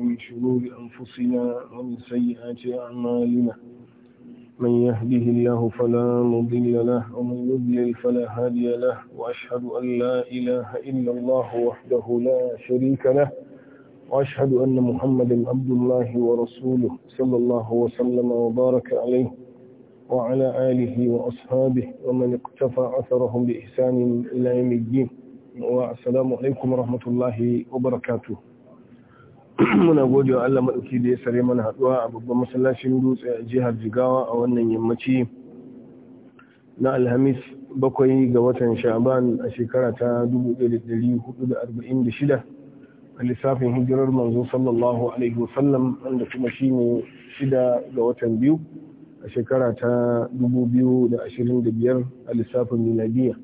ومن شرور أنفسنا ومن سيئات أعمالنا من يهده الله فلا مضل له ومن يضلل فلا هادي له وأشهد أن لا إله إلا الله وحده لا شريك له وأشهد أن محمدا عبد الله ورسوله صلى الله وسلم وبارك عليه وعلى آله وأصحابه ومن اقتفى أثرهم بإحسان إلى يوم الدين والسلام عليكم ورحمة الله وبركاته muna gode wa Allah maɗauki da ya sare mana haɗuwa a babban masallacin dutse a jihar Jigawa a wannan yammaci na Alhamis bakwai ga watan Sha'ban a shekara ta 1446 a lissafin hijirar manzo sallallahu alaihi wasallam wanda kuma shi ne shida ga watan biyu a shekara ta 2025 a lissafin Miladiyya.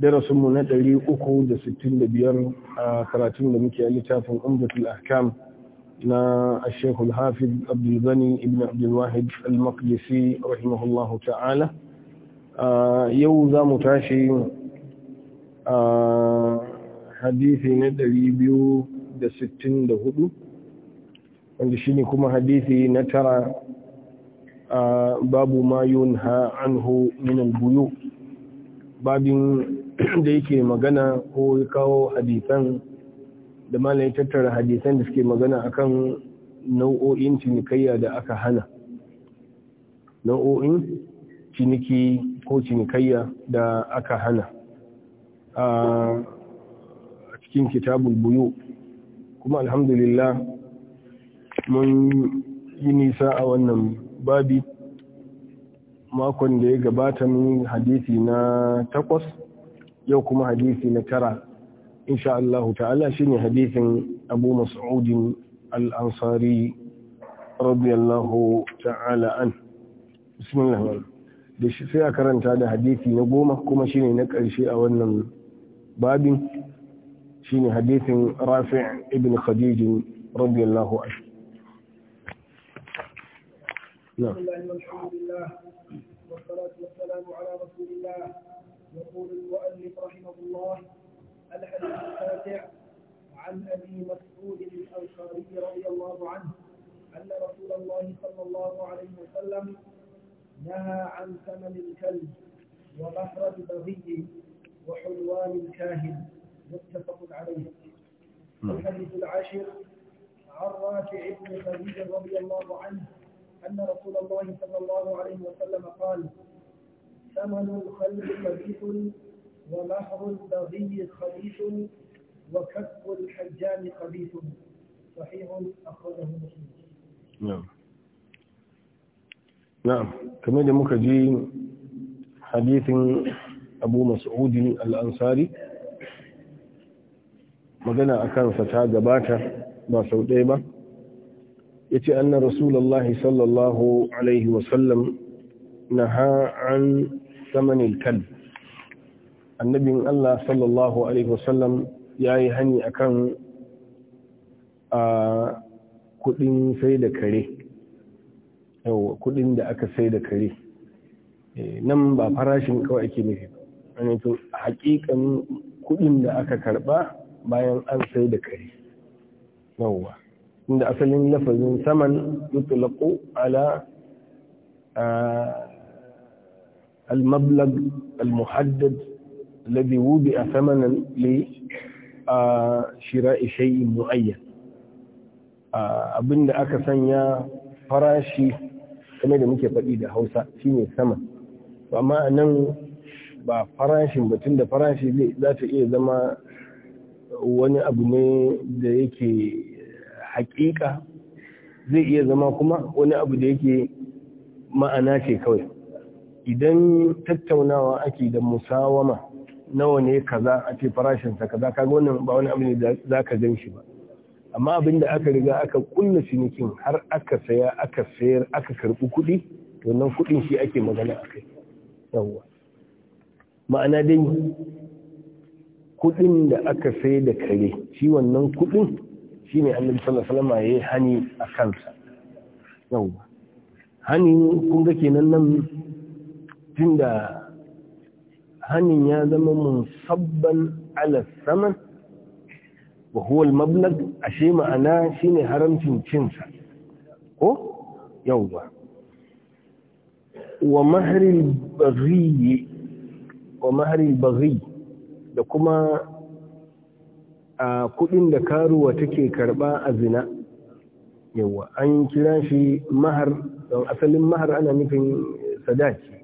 darasinmu na 365 a karatun da muke a littafin umdatul ahkam na ashekul hafiz abdulbani ibn abdulwahid al-maqdisi rahimahullahu ta'ala yau za mu tashi a hadisi na 264 wanda shi ne kuma hadithi na tara babu ma yunha anhu buyu babin da yake magana ko ya kawo hadisan da malai tattara hadisan da suke magana akan nau'o'in cinikayya da aka hana nau'o'in ciniki ko cinikayya da aka hana a cikin kitabul buyo kuma alhamdulillah mun yi nisa a wannan babi makon da ya gabata mun hadisi na takwas yau kuma hadisi na tara insha Allah ta'ala shine hadisin Abu Mas'ud al-Ansari radiyallahu ta'ala an bismillah da shi sai a karanta da hadisi na goma kuma shine na ƙarshe a wannan babin shine hadisin Rafi' ibn Khadij radiyallahu anhu والسلام على رسول الله يقول المؤلف رحمه الله الحديث التاسع عن ابي مسعود الانصاري رضي الله عنه ان رسول الله صلى الله عليه وسلم نهى عن ثمن الكلب ومهر البغي وحلوان الكاهن متفق عليه نعم. الحديث العاشر عن رافع بن خديجه رضي الله عنه ان رسول الله صلى الله عليه وسلم قال ثمن الخلق قبيح ومهر البغي خبيث وكف الحجام قبيح صحيح أخرجه مسلم نعم نعم كما da muka je hadisin Abu Mas'ud al-Ansari magana akan sa ta gabata ba sau ɗaya ba yace anna rasulullahi sallallahu alaihi wa sallam an samanil kalb annabin Allah sallallahu alaihi wasallam ya yi hani akan a kudin sai da kare yawa kudin da aka sai da kare nan ba farashin kawai ake nufi wani to hakikanin kudin da aka karba bayan an sai da kare yawa inda asalin lafazin saman yutlaqu ala المبلغ المحدد الذي وضع ثمنا لشراء شيء معين abinda aka sanya farashi kamar da muke faɗi da hausa shine sama amma nan ba farashin batun da farashi zai za ta iya zama wani abu ne da yake haƙiƙa zai iya zama kuma wani abu da yake ma'ana ce kawai idan tattaunawa ake da musawama nawa ne kaza a ce farashinsa kaza kaga wannan ba wani abu ne da za ka gan shi ba amma abin da aka riga aka kulla cinikin har aka saya aka sayar aka karɓi kuɗi to nan kuɗin shi ake magana a kai yawwa ma'ana dai kuɗin da aka sai da kare shi wannan kuɗin shi ne annabi sallallahu alaihi wasallam yi hani a kansa yawwa hani kun ga kenan nan tunda hannun ya zama musabban alas saman wa huwa mablag ashe ma'ana shine haramcin cinsa ko yawwa wa maharin baghi wa maharin da kuma a kudin da karuwa take karba a zina yawwa an kira shi mahar don asalin mahar ana nufin sadaki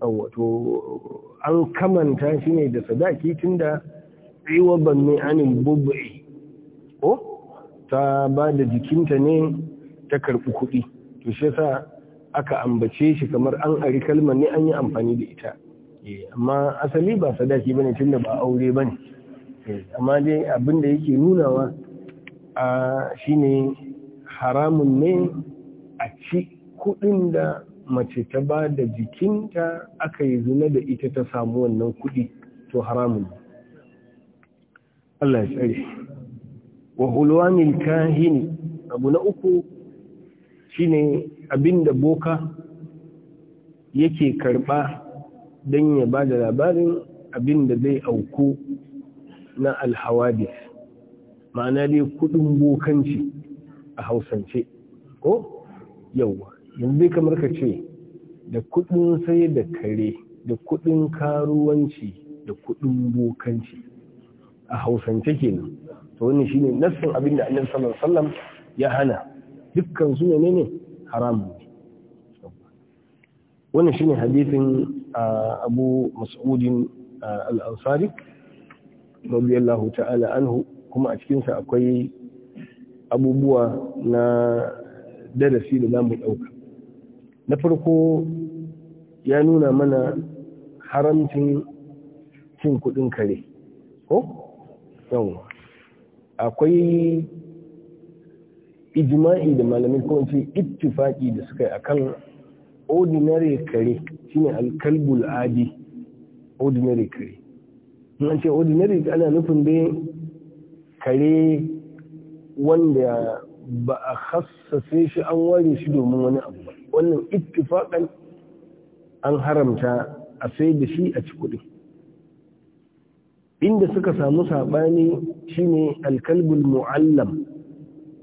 wato an kamanta shi ne da sadaki tun da iwaban mai anin bubbe ko ta ba da jikinta ne ta karɓi kuɗi to shi sa aka ambace shi kamar an ari kalmar ne an yi amfani da ita eh, amma asali ba sadaki bane tun da ba aure bane eh, amma dai abin da yake nunawa a shine haramun ne a ci kuɗin da mace ta ba da jikinta aka yi zina da ita ta samu wannan kuɗi to haramun Allah ya tsare wa hulwanil kahini abu na uku shine abinda boka yake karba don ya ba da labarin abin da zai auku na alhawadis ma'ana dai kudin bokanci a hausance ko yauwa yanzu kamar ka ce da kudin sai da kare da kudin karuwanci da kudin bokanci a hausance kenan to wannan shine nassin abin da annabi sallallahu alaihi wasallam ya hana dukkan su ne ne haramun wannan shine hadisin Abu Mas'udin Al-Ansari radiyallahu ta'ala anhu kuma a cikin sa akwai abubuwa na darasi da zamu dauka na farko ya nuna mana haramcin cin kudin kare ko yawon? akwai ijma'i da malamin kuma ce ittifaki da suka yi a kan ordinary kare ne alkalbul adi ordinary kare in ce ordinary ana nufin dai kare wanda ba a sai shi an ware shi domin wani abu ba wannan ittifaƙan an haramta a sai da shi a ci kuɗi inda suka samu saɓani shine alkalbul mu'allam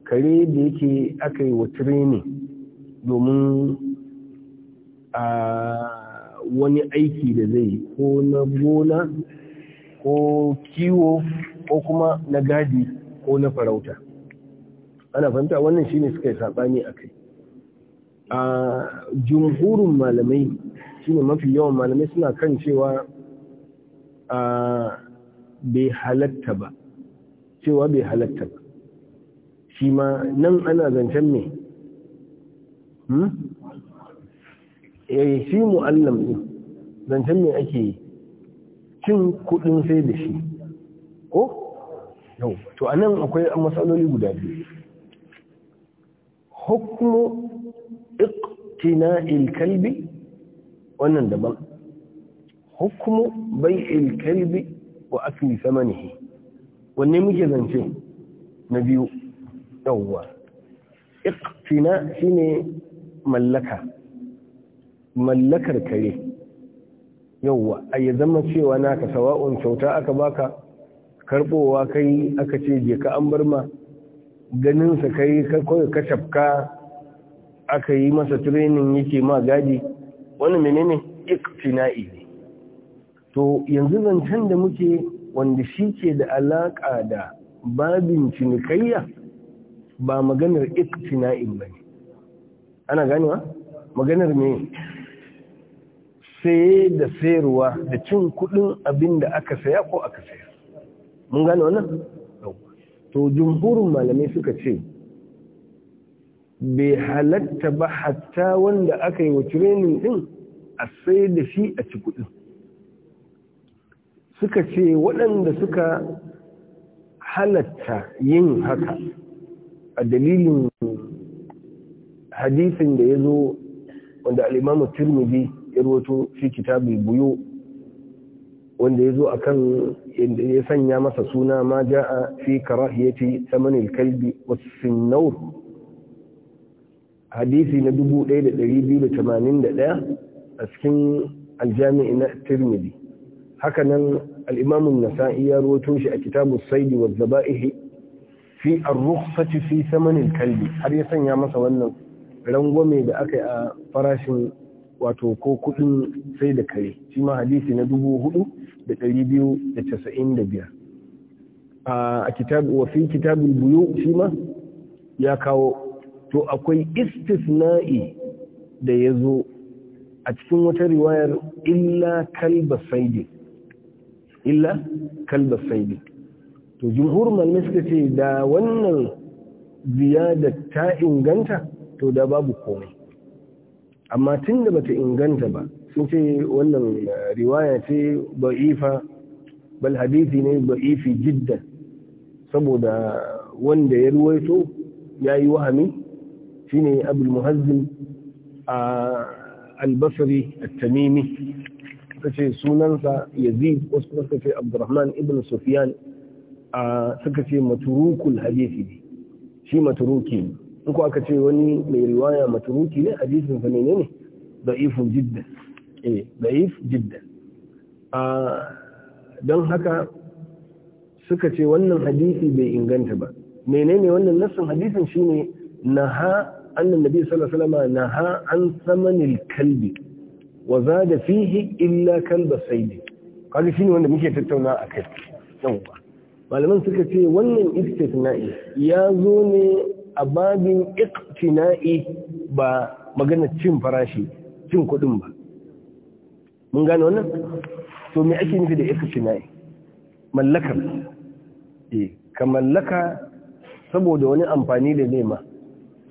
kare da yake akai wa training domin a wani aiki da zai yi ko na gona ko kiwo ko kuma na gadi ko na farauta ana fahimta wannan shine suka yi saɓani akai a jumhurin malamai shine mafi yawan malamai suna kan cewa bai halatta ba cewa bai halatta ba shi ma nan ana zancen ne hmm? eh shi mu'allam ne zancen me ake yi cin kudin sai da shi ko yau to anan akwai matsaloli guda biyu hukumu. tina'il ilkalbi wannan daban hukumu bai kalbi wa akli samanihi wanne muke zance na biyu yawwa iqtina shine mallaka mallakar kare yawwa a yi zama cewa naka sawa'un kyauta aka baka karbowa kai aka ce je ka an barma ganin sa kai ka koyi ka shafka aka yi masa training yake ma gadi wani menene iktina'i ne to yanzu zancen da muke wanda shi ke da alaƙa da babin cinikayya ba maganar iktina'in ba ne ana ganewa maganar mai saye da sayarwa da cin kudin abin da aka saya ko aka sayar mun gane wannan to jumhurin malamai suka ce bai halatta ba hatta wanda aka yi wa training din a sai da shi a ci suka ce waɗanda suka halatta yin haka a dalilin hadisin da ya zo wanda al'imamu turmidi ya roto shi kitabi buyo wanda ya zo a kan ya sanya masa suna ma ja'a fi karahiyyati samanil kalbi wasu sinnaur hadisi na 1281 a cikin aljami'i na tirmidhi hakanan al'imamun nasa'i ya ruwato shi a kitabun saidi wa zaba'ihi fi arrukhsati fi samanin kalbi har ya sanya masa wannan rangwame da aka yi a farashin wato ko kudin sai da kare shi ma hadisi na 4295 a kitabu wa fi kitabul buyu shi ma ya kawo to akwai istisna'i da ya zo a cikin wata riwayar illa kalba saidi illa kalba saidi to jumhur malamai suka ce da wannan ziyada ta inganta to da babu komai amma tun da bata inganta ba sun ce wannan eh, riwaya ce ba'ifa bal hadisi ne ba'ifi jidda. saboda wanda ya ruwaito ya yi wahami shine abul muhazzim al-basri at-tamimi kace sunansa yazid wasu kuma suka ce abdurrahman ibn Sufiyan suka ce maturukul hadisi ne shi maturuki ne in aka ce wani mai riwaya maturuki ne hadisin menene da'ifun jiddan eh da'if jiddan don haka suka ce wannan hadisi bai inganta ba menene wannan nassin hadisin shine naha أن النبي صلى الله عليه وسلم نهى عن ثمن الكلب وزاد فيه إلا كلب السيد قال شنو wanda muke tattauna a kai yawwa malaman suka ce wannan istithna'i ya zo ne a babin iqtina'i ba magana cin farashi cin kuɗin ba mun gane wannan to me ake nufi da iqtina'i mallakar eh ka mallaka saboda wani amfani da nema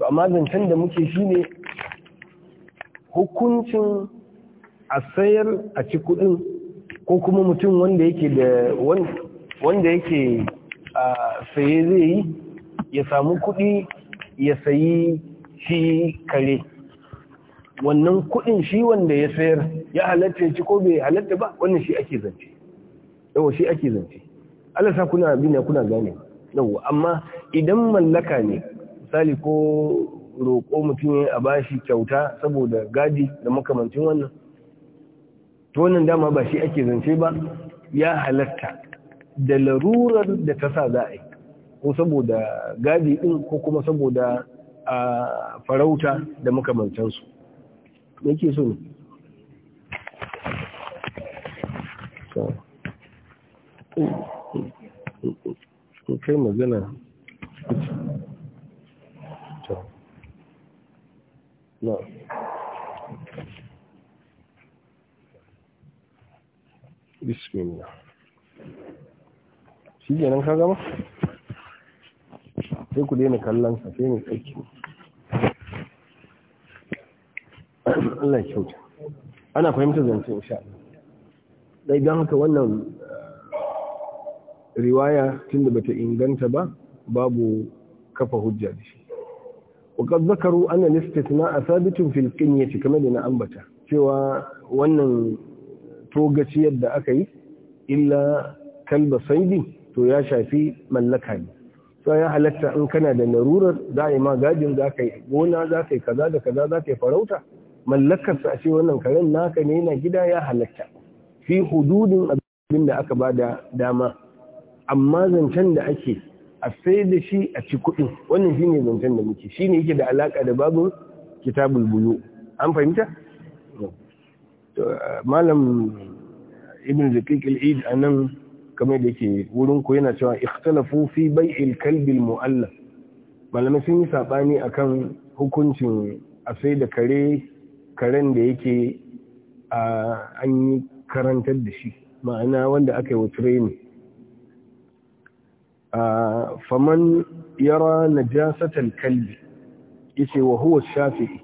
to amma zancen da muke shi ne hukuncin a sayar a ci kudin ko kuma mutum wanda yake da wanda yake a saye zai yi ya samu kudi ya sayi shi kare wannan kudin shi wanda ya sayar ya halatta ya ci ko bai halatta ba wannan shi ake zance yawa shi ake zance Allah sa kuna bina kuna gane yawa amma idan mallaka ne misali ko roƙo mutum ya a bashi kyauta saboda gadi da makamancin wannan to wannan dama ba shi ake zance ba ya halatta da larurar da ta sa za a yi ko saboda gadi ɗin ko kuma saboda a farauta da ya ke so ne kai magana نعم بسم الله shi kenan ka gama sai ku daina kallon sa sai mai tsaki Allah kyauta ana fahimta zance insha Allah don haka wannan riwaya tunda bata inganta ba babu kafa hujja da shi وقد ذكروا أن الاستثناء ثابت في القنية كما لنا أنبتا سوى وأن توقت يد أكي إلا كلب صيدي تو يا شافي ملكها لي sai ya halatta in kana da narurar za a yi ma gadin za ka yi gona za ka yi kaza da kaza za ka yi farauta mallakarsa a ce wannan karen naka ne na gida ya halatta fi hududin abin da aka ba da dama amma zancen da ake a sai da shi a ci kuɗin wannan shine zancen da muke ne yake da alaka da babu kitabul buyu an fahimta malam ibn zakiq al'id eid nan kamar da yake wurin ku yana cewa ikhtalafu fi bai'il kalbi mu'alla malamai sun yi saɓani a kan hukuncin a sai da kare karen da yake an yi karantar da shi ma'ana wanda aka yi wa training faman yara najasatan kalbi yace wa huwa shafi'i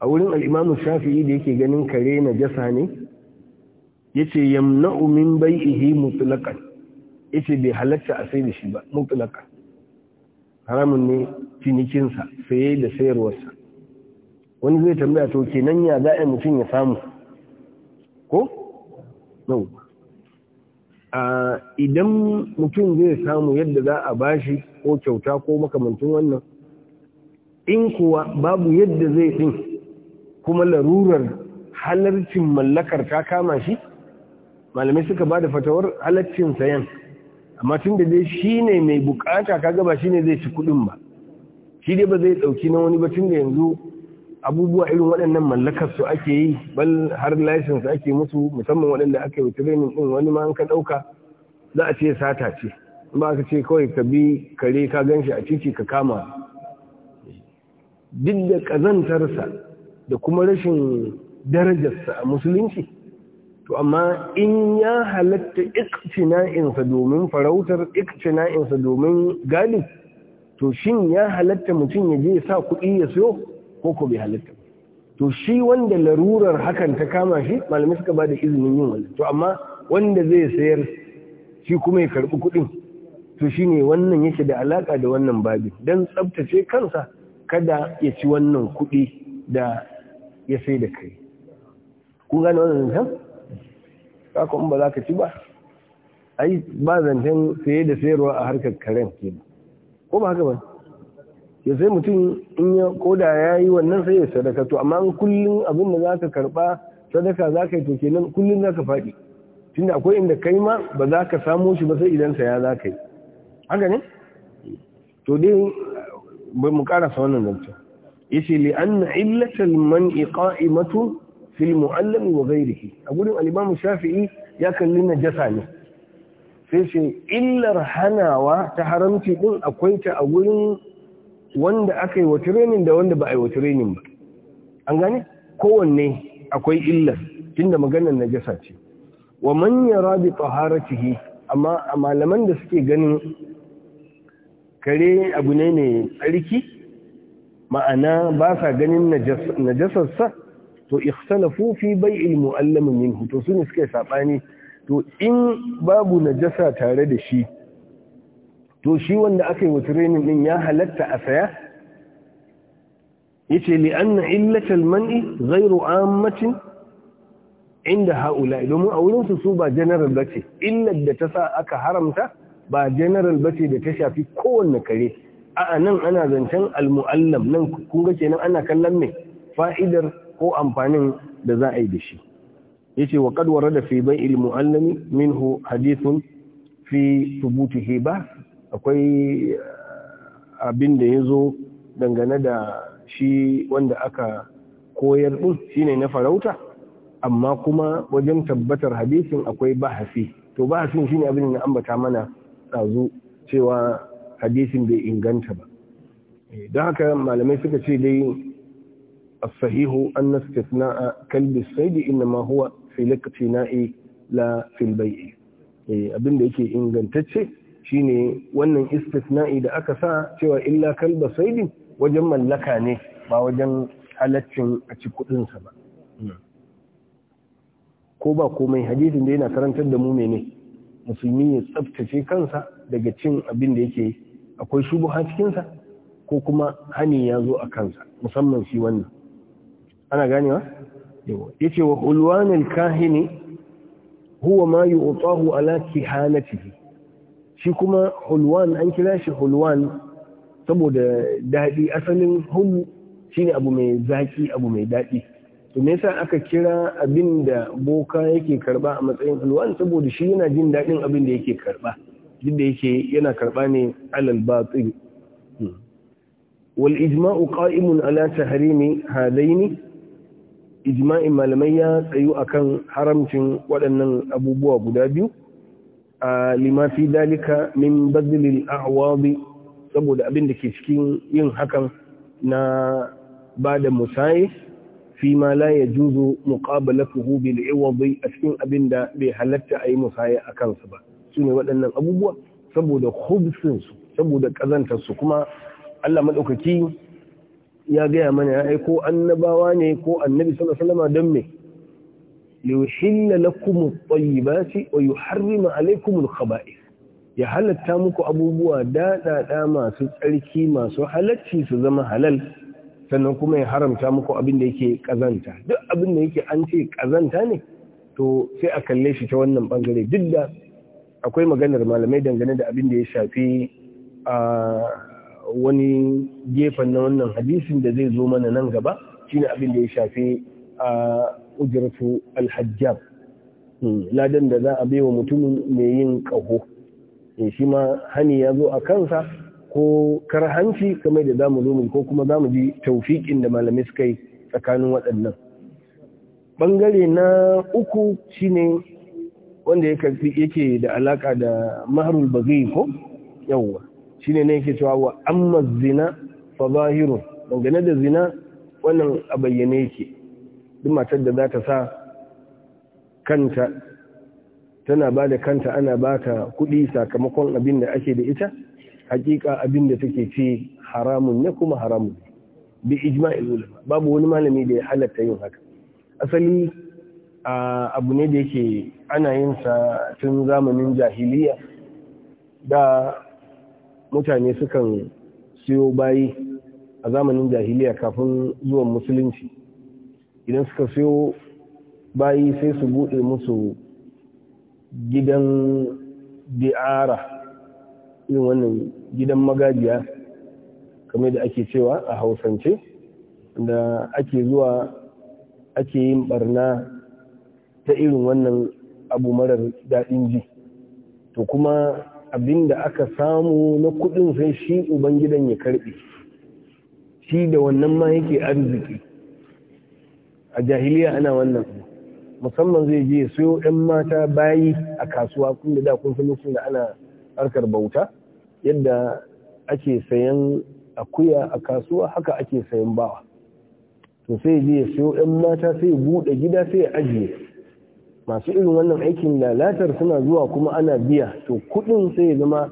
a wurin al shafi'i da yake ganin kare najasa ne yace yamna'u min bai'ihi mutlaqan yace bai halatta a sai da shi ba mutlaqan haramun ne cinikinsa saye da sayarwarsa wani zai tambaya to kenan ya za'a mutum ya samu ko? yau idan mutum zai samu yadda za a bashi ko kyauta ko makamancin wannan in kuwa babu yadda zai ɗin kuma larurar halarcin mallakar ta kama shi malamai suka ba da fatawar halarcin sayan amma tun da dai shi ne mai bukata kaga ba shi ne zai ci kuɗin ba shi dai ba zai ɗauki na wani ba tun da yanzu abubuwa irin waɗannan mallakar su ake yi bal har license ake musu musamman waɗanda aka yi training din wani ma an ka ɗauka za a ce sata ce in ba ka ce kawai ka bi kare ka gan shi a ciki ka kama duk da ƙazantarsa da kuma rashin darajarsa a musulunci to amma in ya halatta iktina'insa domin farautar iktina'insa domin gadi to shin ya halatta mutum ya je sa kuɗi ya siyo ko ku bai halitta, to shi wanda larurar hakan ta kama shi malamai suka ba da izinin yin wannan to amma wanda zai sayar shi kuma ya karbi kuɗin to shine wannan yake da alaka da wannan babin dan tsabtace kansa kada ya ci wannan kuɗi da ya sai da kai kun gane wannan zancen ka kuma ba za ka ci ba ai ba zancen saye da sayarwa a harkar karen ke ko ba haka ba ya sai mutum in ya koda ya yi wannan sai ya sadaka to amma an kullum abin da za ka karɓa sadaka za ka yi to kenan kullum za ka faɗi tunda akwai inda kai ma ba za ka samo shi ba sai idan saya za ka yi haka ne to dai bai mu karasa wannan zance yace li anna illatal man'i qa'imatu fil mu'allami wa riki. a gurin alimamu shafi'i ya kalli najasa ne sai ce illar hanawa ta haramci din akwai ta a gurin wanda aka yi wa training da wanda ba a yi wa training ba an gane kowanne akwai illar tunda maganar najasa ce wa man yara bi taharatihi amma a malaman da suke ganin kare abu ne mai tsarki ma'ana ba sa ganin najasarsa to ikhtalafu fi bai'il allamin minhu to sune suke saɓani? to in babu najasa tare da shi to shi wanda aka yi wa training din ya halatta a saya yace li anna illatal man'i ghayru ammatin inda haula domin a wurin su su ba general bace illar da ta sa aka haramta ba general bace da ta shafi kowanne kare a'a nan ana zancen almu'allam nan kun ga kenan ana kallon me fa'idar ko amfanin da za a yi da shi yace wa qad warada fi bai'il mu'allami minhu hadithun fi thubutihi ba akwai eh, abin da ya zo dangane da shi wanda aka koyar ɗin shine na farauta amma kuma wajen tabbatar hadisin akwai bahasi to bahasin shine abin da ambata mana ɗazu cewa hadisin bai inganta ba eh, don haka malamai suka ce dai الصحيح أن استثناء kalbis sai da هو في الاقتناء لا la البيع eh, abin da yake ingantacce shine wannan istisna'i da aka sa cewa illa kalba saidi wajen mallaka ne ba wajen halaccin a ci kudinsa ba ko ba komai hadisin da yana karantar da mu ne musulmi ya tsabtace kansa daga cin abin da yake akwai shubuha cikinsa ko kuma hani ya zo a kansa musamman shi wannan ana ganewa ya ce wa ulwanin kahini huwa ma yi ala ciki. shi kuma hulwan an kira shi hulwan saboda daɗi asalin hulu ne abu mai zaƙi, abu mai daɗi to me yasa aka kira abin da boka yake karɓa a matsayin hulwan saboda shi yana jin daɗin abin da yake karba duk da yake yana karba ne alal batil wal ijma'u qa'imun ala tahrimi hadaini ijma'in malamai ya tsayu akan haramcin waɗannan abubuwa guda biyu lima fi dalika min bazilin a'wadi saboda abin da ke cikin yin hakan na ba da musaye fi ma la yajuzu muqabalatuhu bil iwadi a cikin abin da bai halatta a yi musaye a kansu ba sune waɗannan abubuwa saboda khubsin su saboda kazantar kuma Allah madaukaki ya gaya mana ya ko annabawa ne ko annabi sallallahu alaihi wasallam don me ليحل لكم الطيبات ويحرم عليكم الخبائث يا هل تامكو ya halatta muku abubuwa daɗaɗa masu tsarki masu halacci su zama halal sannan kuma ya haramta muku abin da yake kazanta duk abin da yake an ce kazanta ne to sai a kalle shi ta wannan bangare duk da akwai maganar malamai dangane da abin da ya shafi a wani gefen na wannan hadisin da zai zo mana nan gaba shine abin da ya shafi a ujratu al ladan da za a bai wa mutumin mai yin ƙaho shi ma hani ya zo a kansa ko kar hanci kamar da za mu zo mu ko kuma za mu ji taufiƙin da malamai suka yi tsakanin waɗannan Bangare na uku shine wanda yake da alaƙa da maharul bagi ko yawwa shine ne yake cewa wa amma zina fa zahiru dangane da zina wannan a bayyane yake duk matar da za ta sa kanta tana ba da kanta ana ba ka kuɗi sakamakon abin da ake da ita hakika abin da take ce haramun ne kuma haramun bi ijma'il ulama babu wani malami da ya halatta yin haka asali abu ne da yake ana yin sa tun zamanin jahiliya da mutane sukan siyo bayi a zamanin jahiliya kafin zuwan musulunci idan suka siyo bayi sai su buɗe musu gidan di'ara irin wannan gidan magajiya kamar da ake cewa a hausance da ake zuwa ake yin barna ta irin wannan abu marar daɗin ji to kuma abin da aka samu na kuɗin sai shi ubangidan ya karɓe shi da wannan ma yake arziki a jahiliya ana wannan musamman zai je siyo 'yan mata bayi a kasuwa kun da da kun da ana harkar bauta yadda ake sayan akuya a kasuwa haka ake sayan bawa to sai je ya siyo 'yan mata sai buɗe gida sai ya ajiye masu irin wannan aikin lalatar suna zuwa kuma ana biya to kuɗin sai ya zama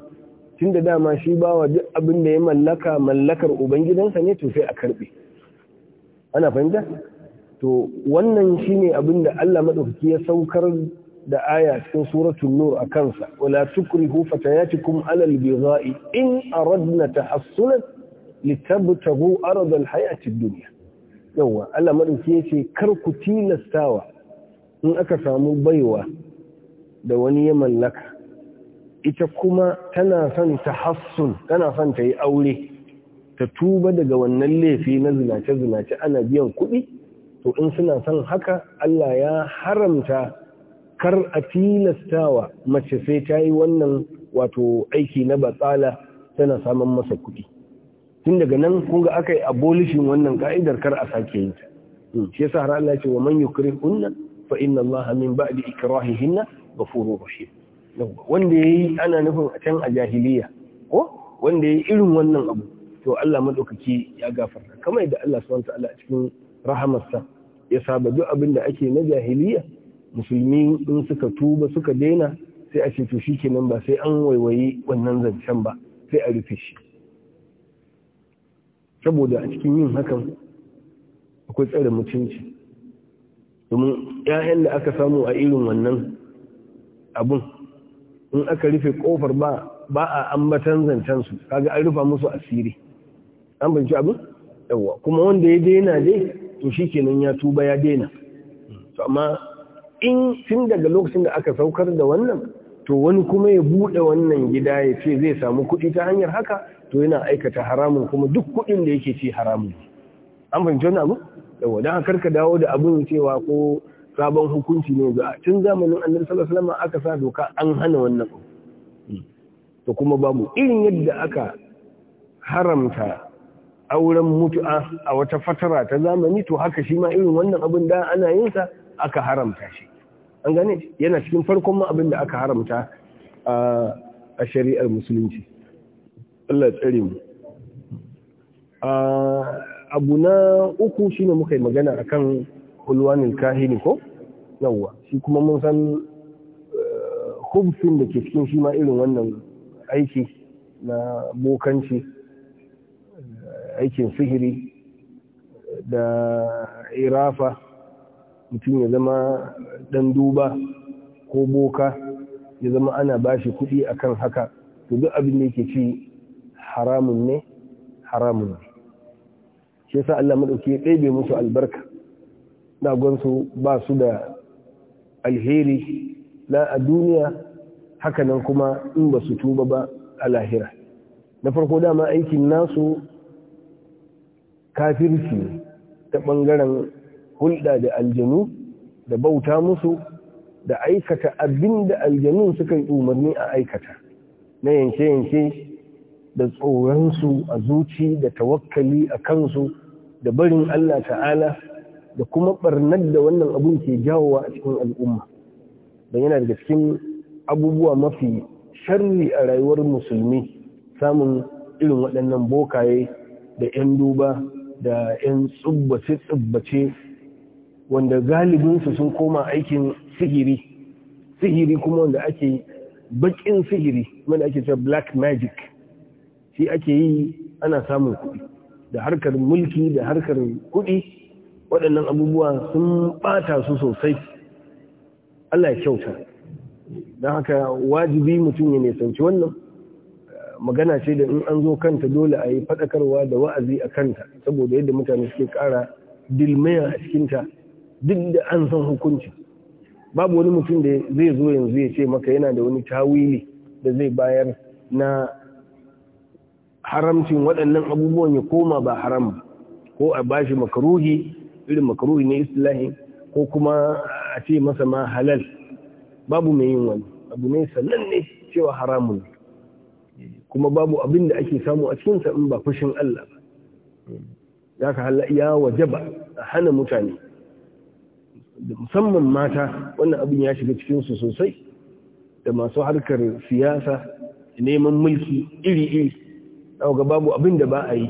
tun da dama shi bawa duk abin da ya mallaka mallakar ubangidansa ne to sai a karɓe ana fahimta to wannan shine abin da Allah madaukaki ya saukar da aya cikin suratul nur a kansa wala tukrihu fatayatikum alal bidha'i in aradna tahassulan litabtagu arad al hayati dunya yawa Allah madauki yace kar ku tilastawa in aka samu baiwa da wani ya mallaka ita kuma tana son tahassul tana son ta yi aure ta tuba daga wannan laifi na zinace zinace ana biyan kuɗi to in suna son haka Allah ya haramta kar a tilastawa mace sai ta yi wannan wato aiki na batsala tana samun masa kuɗi tun daga nan kun ga aka yi abolishin wannan ka'idar kar a sake yin ta hmm, shi yasa har Allah ya ce wa man yukrihunna fa inna Allah min ba'di ikrahihinna ghafurur rahim wanda yayi ana nufin a can a jahiliya ko wanda yayi irin wannan abu to Allah madaukaki ya gafarta kamar da Allah subhanahu wa ta'ala a cikin rahamarsa ya saba duk abin da ake na jahiliya musulmi in suka tuba suka daina sai a to shi kenan ba sai an waiwayi wannan zancen ba sai a rufe shi saboda a cikin yin hakan akwai tsare mutunci domin 'ya'yan da aka samu a irin wannan abun in aka rufe kofar ba ba a ambatan zancen su kaga an rufa musu asiri an banci abin yawa kuma wanda ya daina dai to shi kenan ya tuba ya daina to amma in tun daga lokacin da aka saukar da wannan to wani kuma ya buɗe wannan gida ya ce zai samu kuɗi ta hanyar haka to yana aikata haramun kuma duk kuɗin da yake ci haramun an fahimci wani abu yawa don haka ka dawo da abin cewa ko sabon hukunci ne ga tun zamanin annabi sallallahu alaihi wasallam aka sa doka an hana wannan to kuma babu irin yadda aka haramta auren mutu'a a wata fatara ta zamani to haka shi ma irin wannan abin da ana yin sa aka haramta shi an gane yana cikin farkon ma abin da aka haramta a shari'ar musulunci Allah tsare mu abu na uku shine muka yi magana akan hulwanin kahini ko yawa shi kuma mun san eh, hubsin da ke cikin shi ma irin wannan aiki na bokanci aikin sihiri da irafa mutum ya zama dan duba ko boka ya zama ana bashi kuɗi akan haka to duk abin da yake ci haramun ne haramun ne shi yasa Allah madauki ya ɗebe musu albarka gonsu ba su da alheri na a duniya nan kuma in ba su tuba ba a lahira na farko dama aikin nasu kafirci ta ɓangaren hulɗa da aljanu da bauta musu da aikata abin da aljanun suka yi umarni a aikata na yanke-yanke da tsoronsu a zuci da tawakkali a kansu da barin Allah ta'ala da kuma ɓarnar da wannan abun ke jawowa a cikin al'umma don yana daga cikin abubuwa mafi sharri a rayuwar musulmi samun irin waɗannan bokaye da 'yan duba da 'yan tsubbace-tsubbace wanda galibinsu sun koma aikin sihiri sihiri kuma wanda ake bakin sihiri wanda ake cewa black magic shi ake yi ana samun kuɗi da harkar mulki da harkar kuɗi waɗannan abubuwa sun ɓata su sosai Allah ya kyauta don haka wajibi mutum ya nesanci wannan magana ce da in an zo kanta dole a yi faɗakarwa da wa'azi a kanta saboda yadda mutane suke kara dilmaya a cikinta duk da an san hukunci babu wani mutum da zai zo yanzu ya ce maka yana da wani tawili da zai bayar na haramcin waɗannan abubuwan ya koma ba haram ko a bashi makaruhi irin makaruhi ne islahi ko kuma a ce masa ma halal babu mai yin wani abu ne sannan ne cewa haramun ne. kuma babu abin da ake samu a cikinsa in ba fushin Allah ba ya ka ya wajaba a hana mutane musamman mata wannan abin ya shiga cikinsu sosai da masu harkar siyasa neman mulki iri-iri ga babu abin da ba a yi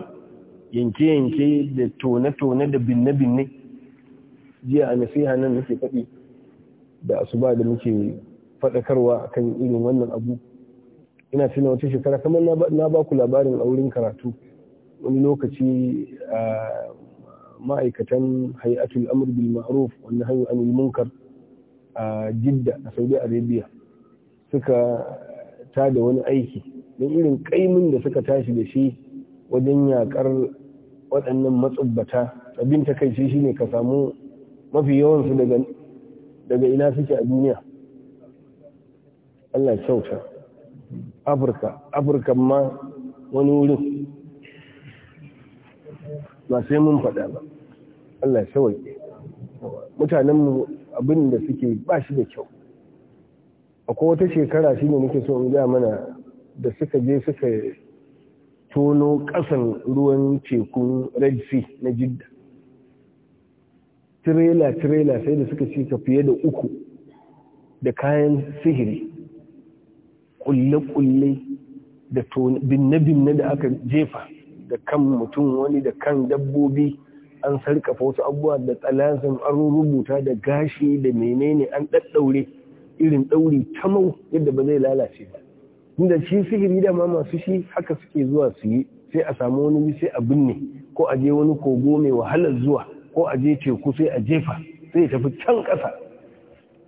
yanke-yanke da tone-tone da binne-binne jiya a nasiha nan nake faɗi da asuba da muke faɗakarwa akan irin wannan abu ina tuna wata shekara kamar na baku ku labarin wurin karatu wani lokaci a ma'aikatan hayatul amr bil ma'ruf wani hanyar anil munkar a jidda a saudi arabia suka ta da wani aiki don irin kaimin da suka tashi da shi wajen yakar waɗannan matsubbata abin takaici ne ka samu mafi yawansu daga ina suke a duniya Allah kyauta afirka afirka ma wani wurin ba sai mun faɗa ba allah shawai mutanenmu abin da suke ba shi da kyau akwai wata shekara shi ne nake so in mana da suka je suka tono ƙasan ruwan tekun red sea na jidda tirela tirela sai da suka cika fiye da uku da kayan sihiri kulle-kulle da binne-binne da aka jefa da kan mutum wani da kan dabbobi an sarkafa wasu abubuwa da tsalazin an rubuta da gashi da menene an ɗaɗɗaure irin ɗauri tamau yadda ba zai lalace ba inda shi sihiri dama masu shi haka suke zuwa su yi sai a samu wani sai a binne ko a je wani kogo mai wahalar zuwa ko a je teku sai a jefa sai ya tafi can ƙasa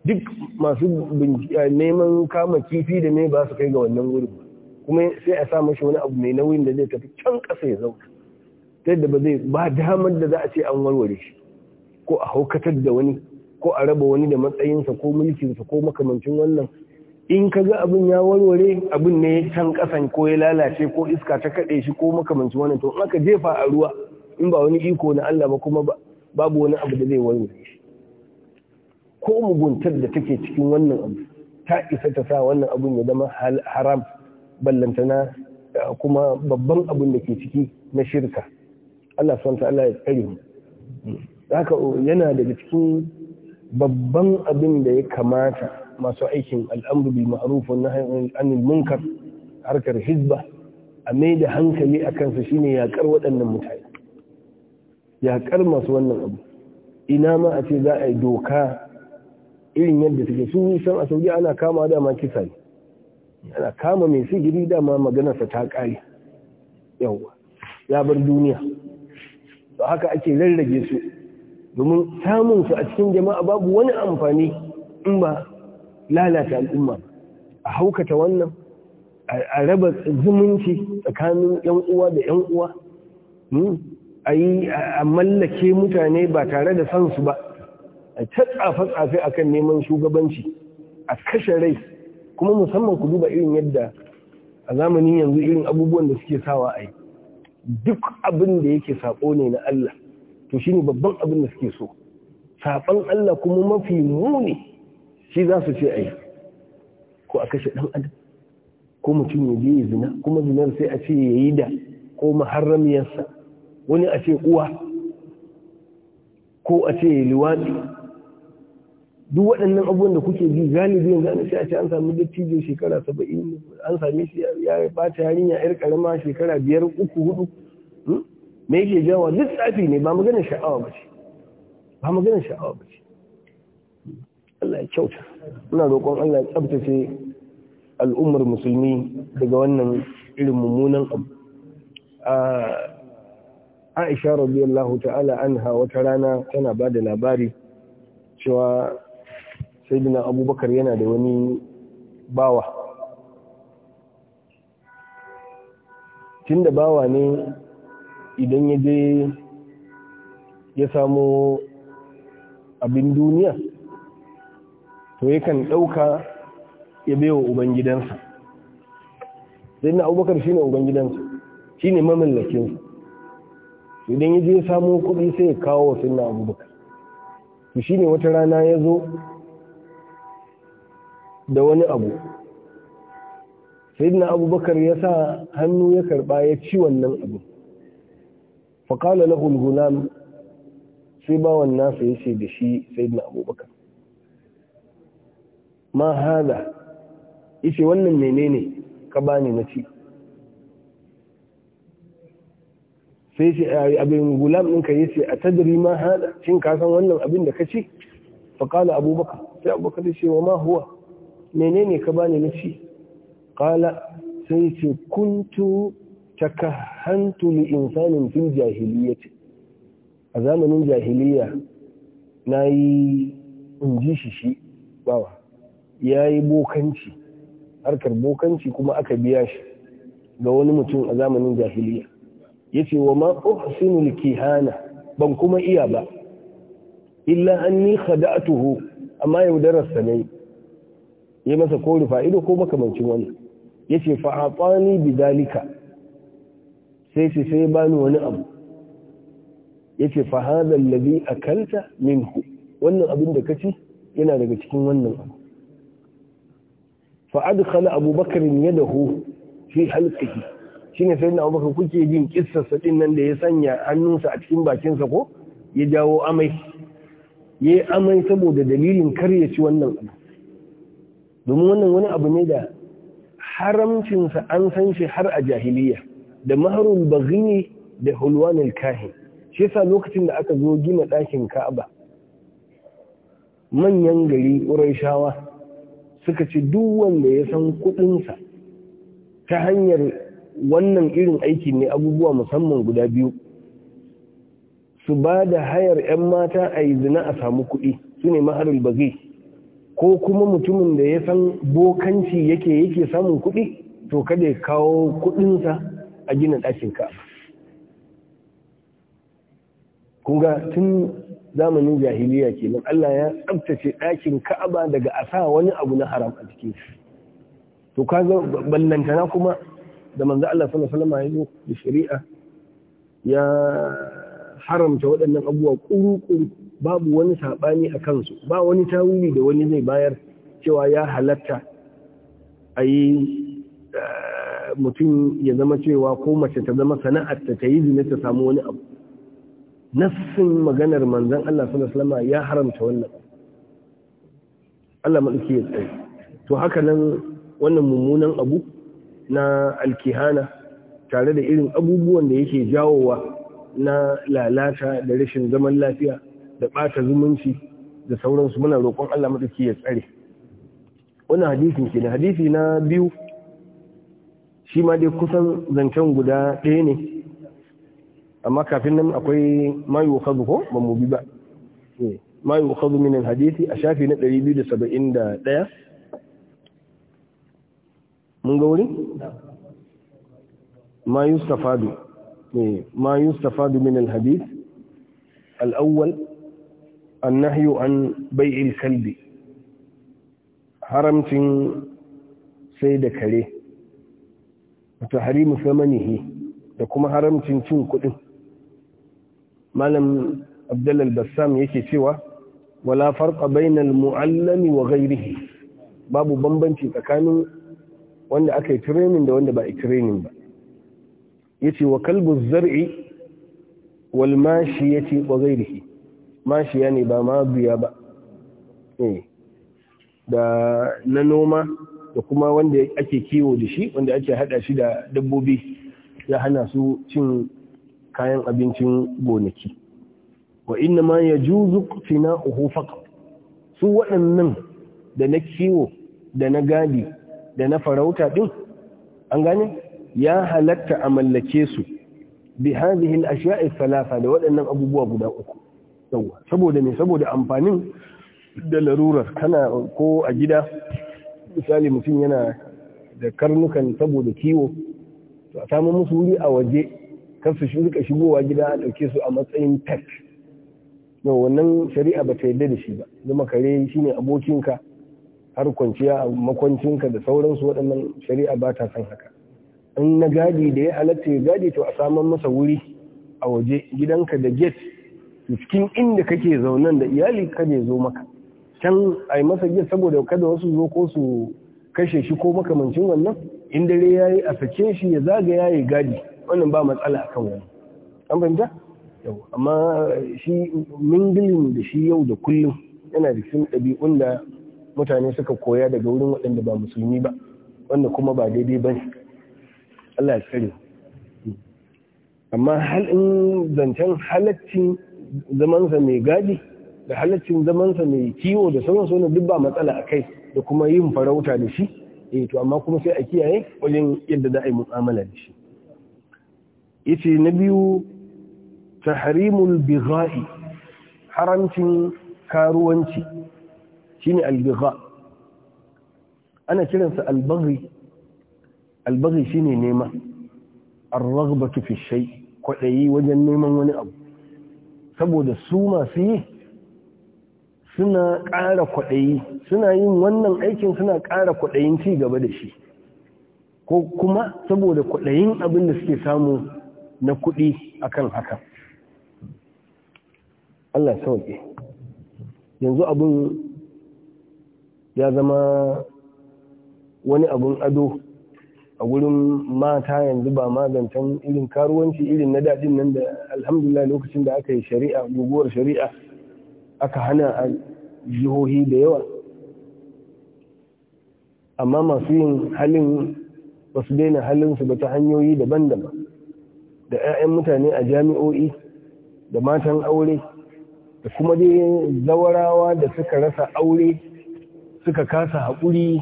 duk masu eh, neman kama kifi da ne ba su kai ga wannan wurin ba, kuma sai a sa mashi wani abu mai nauyin da zai tafi can ƙasa ya zauka, ta yadda ba zai ba damar da za a ce an warware shi ko a haukatar da wani ko a raba wani da matsayinsa ko mulkinsa ko makamancin wannan in ka ga abin ya warware abin ne can ƙasan ko ya lalace ko iska ta kaɗe shi ko makamancin wannan to in aka jefa a ruwa in ba wani iko na Allah ba kuma babu wani abu da zai warware ko muguntar da take cikin wannan abu ta isa ta sa wannan abun ya zama haram ballantana eh, kuma babban abun da ke ciki na shirka Allah swt Allah ya tsare mu haka oh, yana daga cikin babban abin da ya kamata masu aikin al'amru bil ma'ruf wa munkar harkar hizba a mai da hankali a kansa shine yakar waɗannan mutane yakar masu wannan abu ina ma a ce za a yi doka irin yadda suke su san a saudiya ana kama dama kisa ne ana kama mai sigiri dama maganarsa ta kare yawwa ya bar duniya to haka ake rarrage su domin samun su a cikin jama'a babu wani amfani in ba lalata al'umma a haukata wannan a raba zumunci tsakanin yan uwa da yan uwa hmm? a yi a mallake mutane ba tare da san su ba a ta tsafe-tsafe a kan neman shugabanci a kashe rai kuma musamman ku duba irin yadda a zamanin yanzu irin abubuwan da suke sawa a yi duk abin da yake saƙo ne na Allah to shi ne babban abin da suke so Saɓan Allah kuma mafi muni shi za su ce a yi ko a kashe ɗan adam ko mutum ya je ya zina kuma zinar sai a ce ya yi da ko maharramiyarsa wani a ce uwa ko a ce liwaɗi duk waɗannan abubuwan da kuke ji galibi yanzu an sai a ce an samu dattijo shekara saba'in an same shi ya bata yarinya yar karama shekara biyar uku hudu hmm? me yake jawa duk tsafi ne ba maganar sha'awa ba ce ba maganar sha'awa ba ce Allah ya kyauta ina roƙon Allah ya tsabtace al'ummar musulmi daga wannan irin mummunan abu Aisha radiyallahu ta'ala anha wata rana tana ba da labari cewa dina abubakar yana da wani bawa tunda bawa ne idan ya je ya samo abin duniya to ya kan ɗauka ya baiwa ubangidansa sai na abubakar shi ne ubangidansa shi mamin mamallakinsa idan ya je ya samo kuɗi sai ya kawo wa na abubakar shi ne wata rana ya zo da wani abu sayyidina abubakar ya sa hannu ya karba ya ci wannan abu faƙala na gulam sai bawan nasa ya ce da shi sayyidina abubakar ma haza ce wannan menene ka bani na ci sai ce abin gulam ɗinka ya ce a tadiri ma haɗa cin kasan wannan abin da ka ci faƙala abubakar sai abubakar ya ce wa ma huwa menene ka bani ci? qala sai ce kuntu takahantu li insanin jahiliya ce a zamanin jahiliya nayi inji shi shi bawa yayi bokanci harkar bokanci kuma aka biya shi ga wani mutum a zamanin jahiliya yace wa ma uhsinu kihana ban kuma iya ba illa an anni khada'tuhu amma yaudararsa ne ya masa ko rufa ko makamancin wannan ya ce fa'aƙwani bi zalika sai ce sai bani wani abu ya ce fahazan labi a kalta minku wannan abin da ka yana daga cikin wannan abu fa'ad kala abubakarin ya daho fi halittaki shi ne sai na abubakar kuke jin ƙistarsa ɗin nan da ya sanya hannunsa a cikin bakinsa ko ya jawo amai ya yi amai saboda dalilin kar ya ci wannan abu domin wannan wani abu ne da haramcinsa an san shi har a jahiliya da maharul baghini da hulwanul kahin shi sa lokacin da aka zo gina ɗakin ka'aba manyan gari ƙurayshawa suka ce duk wanda ya san kuɗinsa ta hanyar wannan irin aiki ne abubuwa musamman guda biyu su ba da hayar 'yan mata a yi zina a samu kuɗi su ne maharul baghini ko kuma mutumin da ya san bokanci yake yake samun kuɗi to kada ya kawo kuɗinsa a gina ɗakin ka kunga tun zamanin jahiliya kenan Allah ya tsabtace ɗakin ka'aba daga a sa wani abu na haram a cikin shi to kaga ballantana kuma da manzo Allah sallallahu alaihi wasallam ya shari'a ya haramta waɗannan abubuwa kuru-kuru babu wani saɓani a kansu ba wani tawili da wani zai bayar cewa ya halatta a yi eh, mutum ya zama cewa ko mace ta zama sana'arta ta yi zina ta samu wani abu nassin maganar manzan Allah ya haramta wannan Allah maɗauki ya tsaye to haka nan wannan mummunan abu na alkihana tare da irin abubuwan da yake jawowa na lalata da rashin zaman lafiya da ɓata zumunci da sauransu muna roƙon Allah maɗauki ya tsare Wani hadisi ke da hadisi na biyu shi ma dai kusan zancen guda ɗaya ne amma kafin nan akwai mayu khadu ko ba mu bi ba eh, mayu khadu minin hadisi a shafi na biyu da da saba'in ɗaya mun ga wuri ma stafadu. Eh, ma stafadu minin hadisi al'awwal. annahyu an bai'il kalbi haramcin sai da kare wata harimu samanihi da kuma haramcin cin kudin malam abdullal bassam yake cewa wala farqa bainal muallami wa ghairihi babu bambanci tsakanin wanda aka yi training da wanda ba a training ba yace wa kalbu zar'i walmashi mashi yace wa ghairihi mashiya ne ba ma biya ba eh, da na noma da kuma wanda ake kiwo da shi wanda ake hada shi da dabbobi ya hana su cin kayan abincin gonaki wa inna ma ya juzu fina'uhu faqat su waɗannan da na kiwo da na gadi da na farauta din an gane ya halatta a mallake su bi hadhihi al-ashiya'i thalatha da waɗannan abubuwa guda uku yauwa saboda ne saboda amfanin da larurar kana ko a gida misali mutum yana da karnukan saboda kiwo to a samu musu wuri a waje kar su shirka shigowa gida a ɗauke su a matsayin pet Na wannan shari'a ba ta yadda da shi ba zama kare shi ne abokinka har kwanciya a makwancinka da sauransu waɗannan shari'a ba ta san haka in na gadi da ya halatta ya gadi to a saman masa wuri a waje gidanka da gate cikin inda kake zaunan da iyali kada ya zo maka can a yi masa gida saboda kada wasu zo ko su kashe shi ko makamancin wannan in dare ya yi a sake shi ya zaga ya yi gadi wannan ba matsala kan wani an fahimta yau amma shi mingilin da shi yau da kullum yana da cikin ɗabi'un da mutane suka koya daga wurin waɗanda ba musulmi ba wanda kuma ba daidai ba ne Allah ya tsare amma halin zancen halaccin zamansa mai gadi da halaccin zamansa mai kiwo da sauran sauran duk matsala a kai da kuma yin farauta da shi eh to amma kuma sai a kiyaye wajen yadda za a yi mu'amala da shi yace na biyu tahrimul bigha'i haramcin karuwanci shine albigha ana kiransa albaghi albaghi shine nema ar-raghbatu fi shay kwadayi wajen neman wani abu saboda su masu yi suna ƙara kwaɗayi suna yin wannan aikin suna ƙara kwaɗayin ci gaba da shi ko kuma saboda kwaɗayin abin da suke samu na kuɗi akan haka Allah sauke yanzu abin ya zama wani abin ado a wurin mata yanzu ba magantan irin karuwanci irin na daɗin nan da alhamdulillah lokacin da aka yi shari'a guguwar shari'a aka hana a jihohi da yawa amma masu yin halin ba su daina halinsu ba ta hanyoyi daban-daban da 'ya'yan mutane a jami'o'i da matan aure da kuma dai zawarawa da suka rasa aure suka kasa haƙuri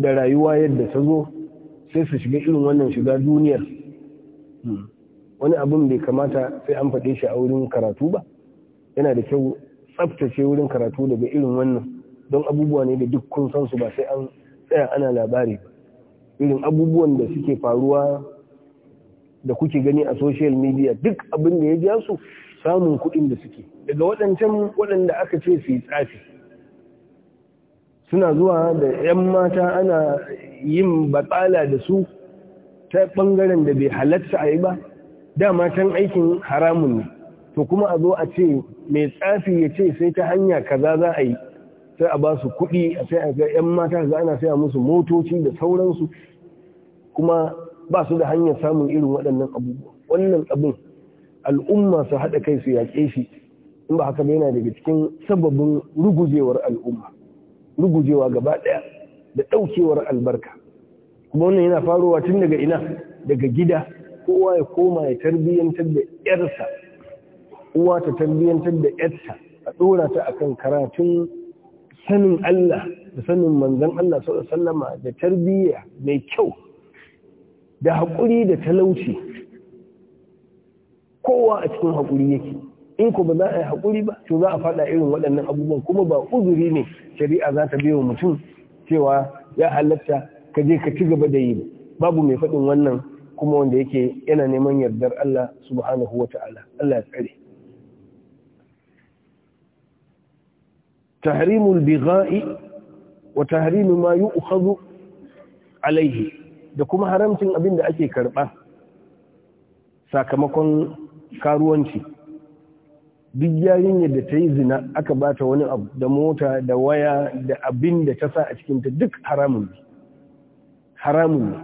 da rayuwa yadda ta zo sai su shiga irin wannan shiga duniyar hmm. wani abin bai kamata sai an faɗe shi a wurin karatu ba yana da kyau tsaftace wurin karatu daga irin wannan don abubuwa ne da duk kun san su ba sai an tsaya ana labari ba irin abubuwan da suke faruwa da kuke gani a social media duk abin da ya ja su samun kuɗin da suke daga waɗancan waɗanda aka ce su yi tsafi suna zuwa da 'yan mata ana yin batsala da su ta ɓangaren da bai halatta a yi ba dama can aikin haramun ne to kuma a zo a ce mai tsafi ya ce sai ta hanya kaza za a yi sai a ba su kuɗi a sai a ga 'yan mata za ana saya musu motoci da sauransu kuma ba su da hanyar samun irin waɗannan abubuwa wannan abin al'umma su haɗa kai su yaƙe shi in ba haka ba yana daga cikin sababin rugujewar al'umma rugujewa gaba ɗaya da ɗaukewar albarka kuma wannan yana faruwa tun daga ina daga gida kowa ya koma ya tarbiyyantar da yarsa uwa ta tarbiyyantar da yarsa a ɗora ta akan karatun sanin Allah da sanin manzon Allah sallallahu sallama da tarbiyya mai kyau da haƙuri da talauci kowa a cikin haƙuri yake in ku ba za a yi haƙuri ba to za a faɗa irin waɗannan abubuwan kuma ba uzuri ne shari'a za ta biyo mutum cewa ya halatta ka je ka ci gaba da yi babu mai faɗin wannan kuma wanda yake yana neman yardar Allah subhanahu wa ta'ala Allah ya tsare tahrimul bigha'i wa tahrim ma yu'khadhu alaihi da kuma haramcin abin da ake karba sakamakon karuwanci duk yarinyar da ta yi zina aka ba ta wani abu da mota da waya da abin da ta sa a cikin cikinta duk haramun ne haramun ne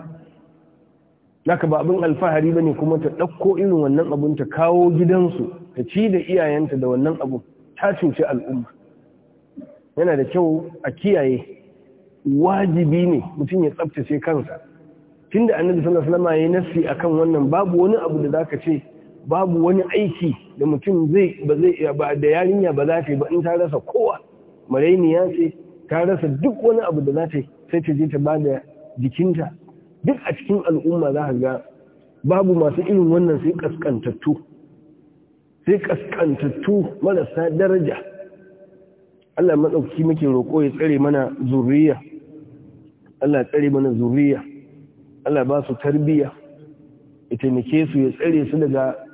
naka ba abin alfahari ba ne kuma ta ɗauko irin wannan abun ta kawo gidansu ta ci da iyayenta da wannan abun ta cuci al'umma yana da kyau a kiyaye wajibi ne mutum ya tsabtace kansa da annabi sallallahu alaihi wasallam ya nasi akan wannan babu wani abu da zaka ce babu wani aiki da mutum zai ba da yarinya ba za ta yi ba in ta rasa kowa marainiya ce ta rasa duk wani abu da za ta yi sai ta je ta ba da jikinta duk a cikin al'umma za a ga babu masu irin wannan sai kaskantattu sai kaskantattu marasa daraja Allah matsauki muke roƙo ya tsare mana zuriya Allah tsare mana zuriya Allah ba su tarbiya ya taimake su ya tsare su daga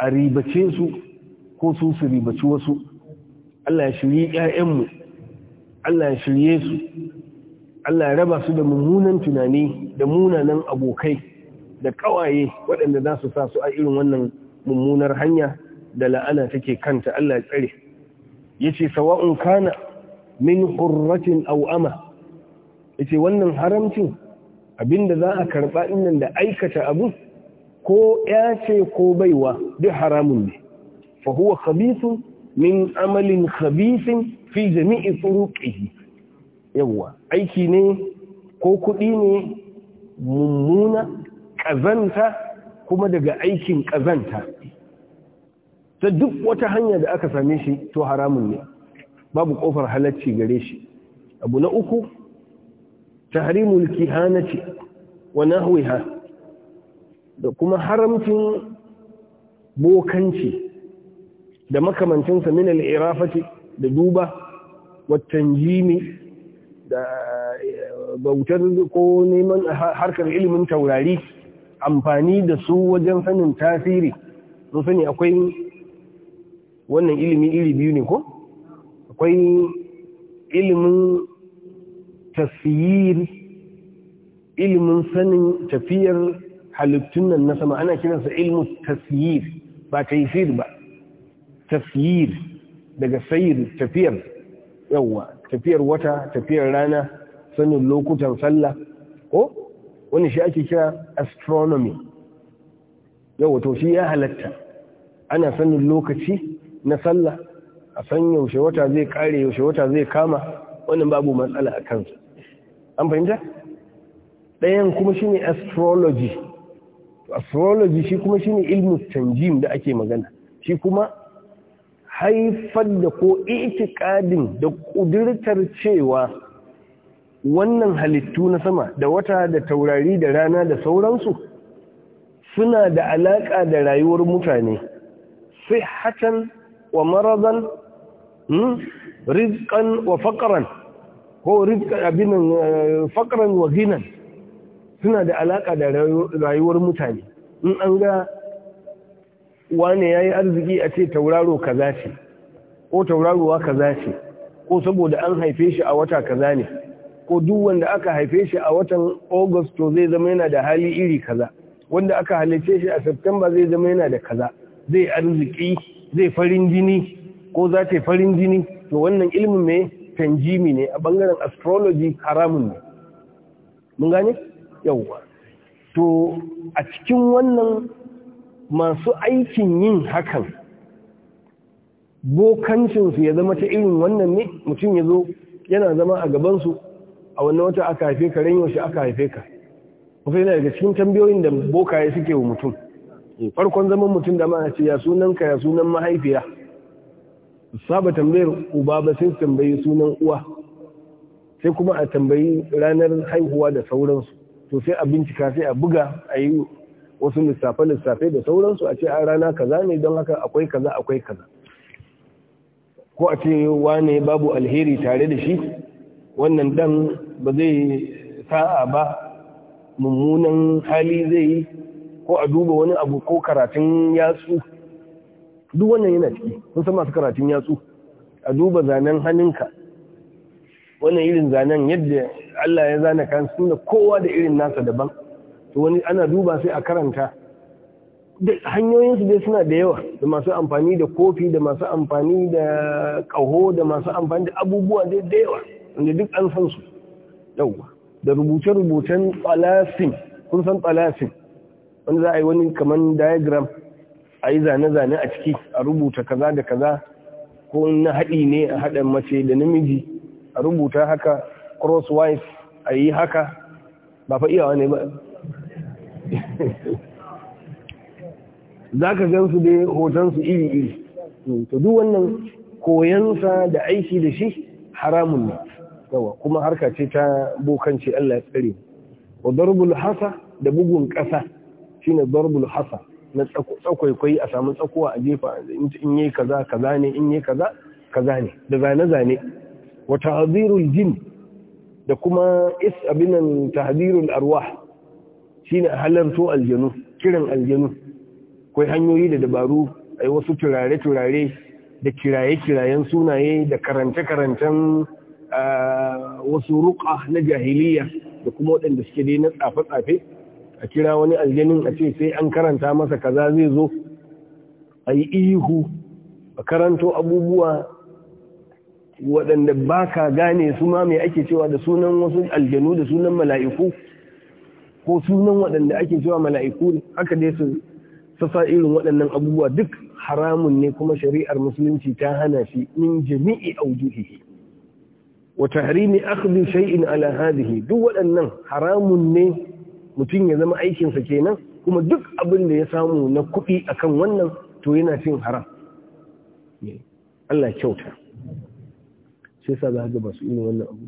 a ribace su ko su su ribaci wasu Allah ya shirye ƴaƴanmu Allah ya shirye su Allah ya raba su da mummunan tunani da munanan abokai da ƙawaye waɗanda za su sa su a irin wannan mummunar hanya da la'ana take kanta Allah ya tsare yace sawa'un kana min hurratin au'ama. ama yace wannan haramcin abinda za a karba innan da aikata abu ko ya ko baiwa duk haramun ne fa huwa khabithun min amalin khabithin fi jami'i turuqihi yawa aiki ne ko kudi ne mummuna kazanta kuma daga aikin kazanta ta duk wata hanya da aka same shi to haramun ne babu kofar halacci gare shi abu na uku tahrimul kihanati wa nahwiha da kuma haramcin bokanci da makamancinsa min al'irafati da duba watan jimi da eh, bautar ko neman harkar ilimin taurari amfani da su wajen sanin tasiri sun sani akwai wannan ilimi iri biyu ne ko akwai ilimin tasiri ilimin sanin tafiyar halittun nan na sama ana kiransa ilmu tasyir ba taysir ba tasyir daga sayir tafiyar yawa tafiyar wata tafiyar rana sanin lokutan sallah ko wani shi ake kira astronomy yawa to shi ya halatta ana sanin lokaci na sallah a san yaushe wata zai kare yaushe wata zai kama wannan babu matsala a kansa an fahimta ɗayan kuma shi ne astrology astrology shi kuma shine ilmin tanjim da ake magana shi kuma haifar da ko itikadin da kudurtar cewa wannan halittu na sama da wata da taurari da rana da sauransu suna da alaƙa da rayuwar mutane sai hatan wa marazan hmm, rizkan wa fakaran ko rizkan abinan eh, fakaran wa ginan suna da alaka da rayuwar mutane in an ga wane ya yi arziki a ce tauraro kaza ce ko tauraruwa kaza ce ko saboda an haife shi a wata kaza ne ko duk wanda aka haife shi a watan august to zai zama yana da hali iri kaza wanda aka halice shi a september zai zama yana da kaza zai arziki zai farin jini ko za ta farin jini to wannan ilimin mai tanjimi ne a bangaren astrology haramun ne mun gane yawwa to a cikin wannan masu aikin yin hakan bokancinsu ya zama ta irin wannan ne mutum ya zo yana zama a gabansu a wannan wata aka haife ka ran yaushe aka haife ka kuma yana daga cikin tambayoyin da bokaye suke wa mutum farkon zaman mutum da ma ce ya sunan ka ya sunan mahaifiya saba tambayar uba ba sai tambayi sunan uwa sai kuma a tambayi ranar haihuwa da sauransu to sai a bincika sai a buga a yi wasu lissafe-lissafe da sauransu a ce a rana kaza ne don haka akwai kaza akwai kaza ko a ce wane babu alheri tare da shi wannan dan ba zai sa'a ba mummunan hali zai yi ko a duba wani abu ko karatun yatsu duk wannan yana ciki sun san masu karatun yatsu a duba zanen hannunka wannan irin zanen yadda Allah ya zana kan suna kowa da irin nasa daban to wani ana duba sai a karanta hanyoyinsu dai suna da yawa da masu amfani da kofi da masu amfani da ƙaho da masu amfani da abubuwa dai da yawa wanda duk an san su yawa da rubuce-rubucen tsalasin kun san tsalasin wanda za a yi wani kamar diagram a yi zane-zane a ciki a rubuta kaza da kaza ko na haɗi ne a haɗa mace da namiji a rubuta haka crosswise a yi haka ba fa iyawa ne ba za ka gan su dai hotonsu iri-iri to duk wannan koyansa da aiki da shi haramun ne yawa kuma harka ce ta bokanci Allah ya tsari wa darbul hasa da bugun ƙasa ne darbul hasa na tsakwaikwai a samu tsakowa a jefa in yi kaza kaza ne in yi kaza kaza ne da zane zane wa jin da kuma is abinan arwah shine halarto aljanu kiran aljanu koi hanyoyi da dabaru ai wasu turare turare da kiraye kirayen sunaye da karance karancen wasu ruqa na jahiliya da kuma waɗanda suke dai na tsafe tsafe a kira wani aljanin a ce sai an karanta masa kaza zai zo a ihu a karanto abubuwa waɗanda ba ka gane su ma mai ake cewa da sunan wasu aljanu da sunan mala'iku ko sunan waɗanda ake cewa mala'iku ne haka dai su sassa irin waɗannan abubuwa duk haramun ne kuma shari'ar musulunci ta hana shi in jami'i aujuhihi wa tahrimi akhdhi shay'in ala hadhihi duk waɗannan haramun ne mutum ya zama aikinsa kenan kuma duk abin da ya samu na kuɗi akan wannan to yana cin haram Allah kyauta sai sa za ga ba su wannan abu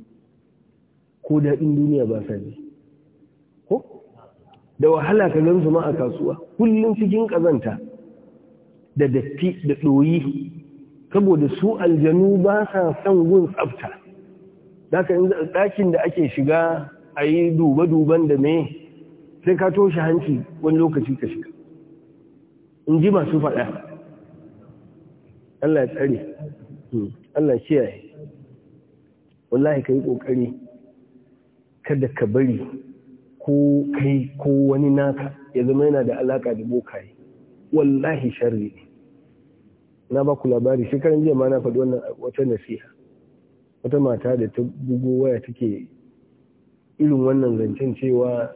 ko daɗin duniya ba sa ne ko da wahala ka gansu ma a kasuwa kullum cikin ƙazanta da datti da ɗoyi saboda su aljanu ba sa son gun tsafta zaka in ɗakin da ake shiga a yi duba-duban da me sai ka toshe hanci wani lokaci ka shiga in ji masu faɗa Allah ya tsare hmm. Allah ya kiyaye wallahi ka yi ƙoƙari kada ka bari ko kai ko wani naka ya zama yana da alaƙa da bokaye wallahi sharri ne na ba ku labari shekaran jiya ma na faɗi wannan wata nasiha wata mata da ta bugo waya take irin wannan zancen cewa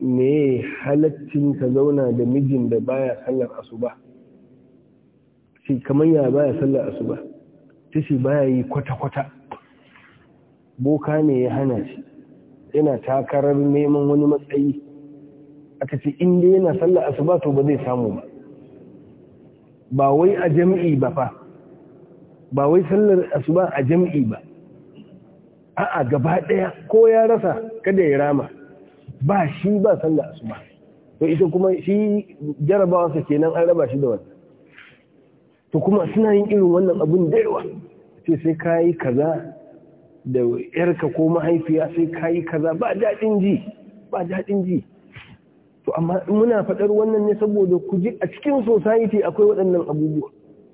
me halaccin ka zauna da mijin da baya sallar asuba shi kamar ya baya sallar asuba ta ce baya yi kwata-kwata boka ne ya hana shi yana takarar neman wani matsayi aka ce inda yana sallar asuba to ba zai samu ba ba wai a jam'i ba fa ba wai sallar asuba a jam'i ba a'a gaba ɗaya ko ya rasa kada ya rama ba shi ba sallar asuba to ita kuma shi su kenan an raba shi da wata to kuma suna yin irin wannan abin da yawa ce sai ka yi kaza da yarka ko mahaifiya sai ka yi kaza ba daɗin ji ba daɗin ji to amma muna faɗar wannan ne saboda ku ji a cikin society akwai waɗannan abubuwa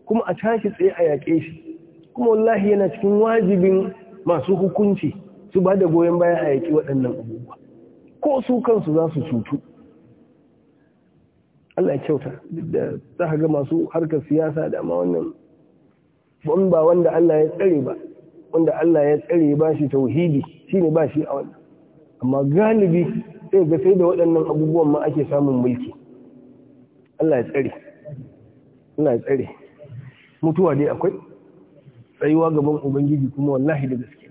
kuma a tashi tsaye a yaƙe shi kuma wallahi yana cikin wajibin masu hukunci su ba da goyon baya a yaƙi waɗannan abubuwa ko su kansu za su cutu Allah ya kyauta duk da za ga masu harkar siyasa da ma wannan ban ba wanda Allah ya tsare ba wanda Allah ya tsare ba shi tauhidi shine ba shi a wannan amma galibi sai ga sai da waɗannan abubuwan ma ake samun mulki Allah ya tsare Allah ya tsare mutuwa dai akwai tsayuwa gaban ubangiji kuma wallahi da gaske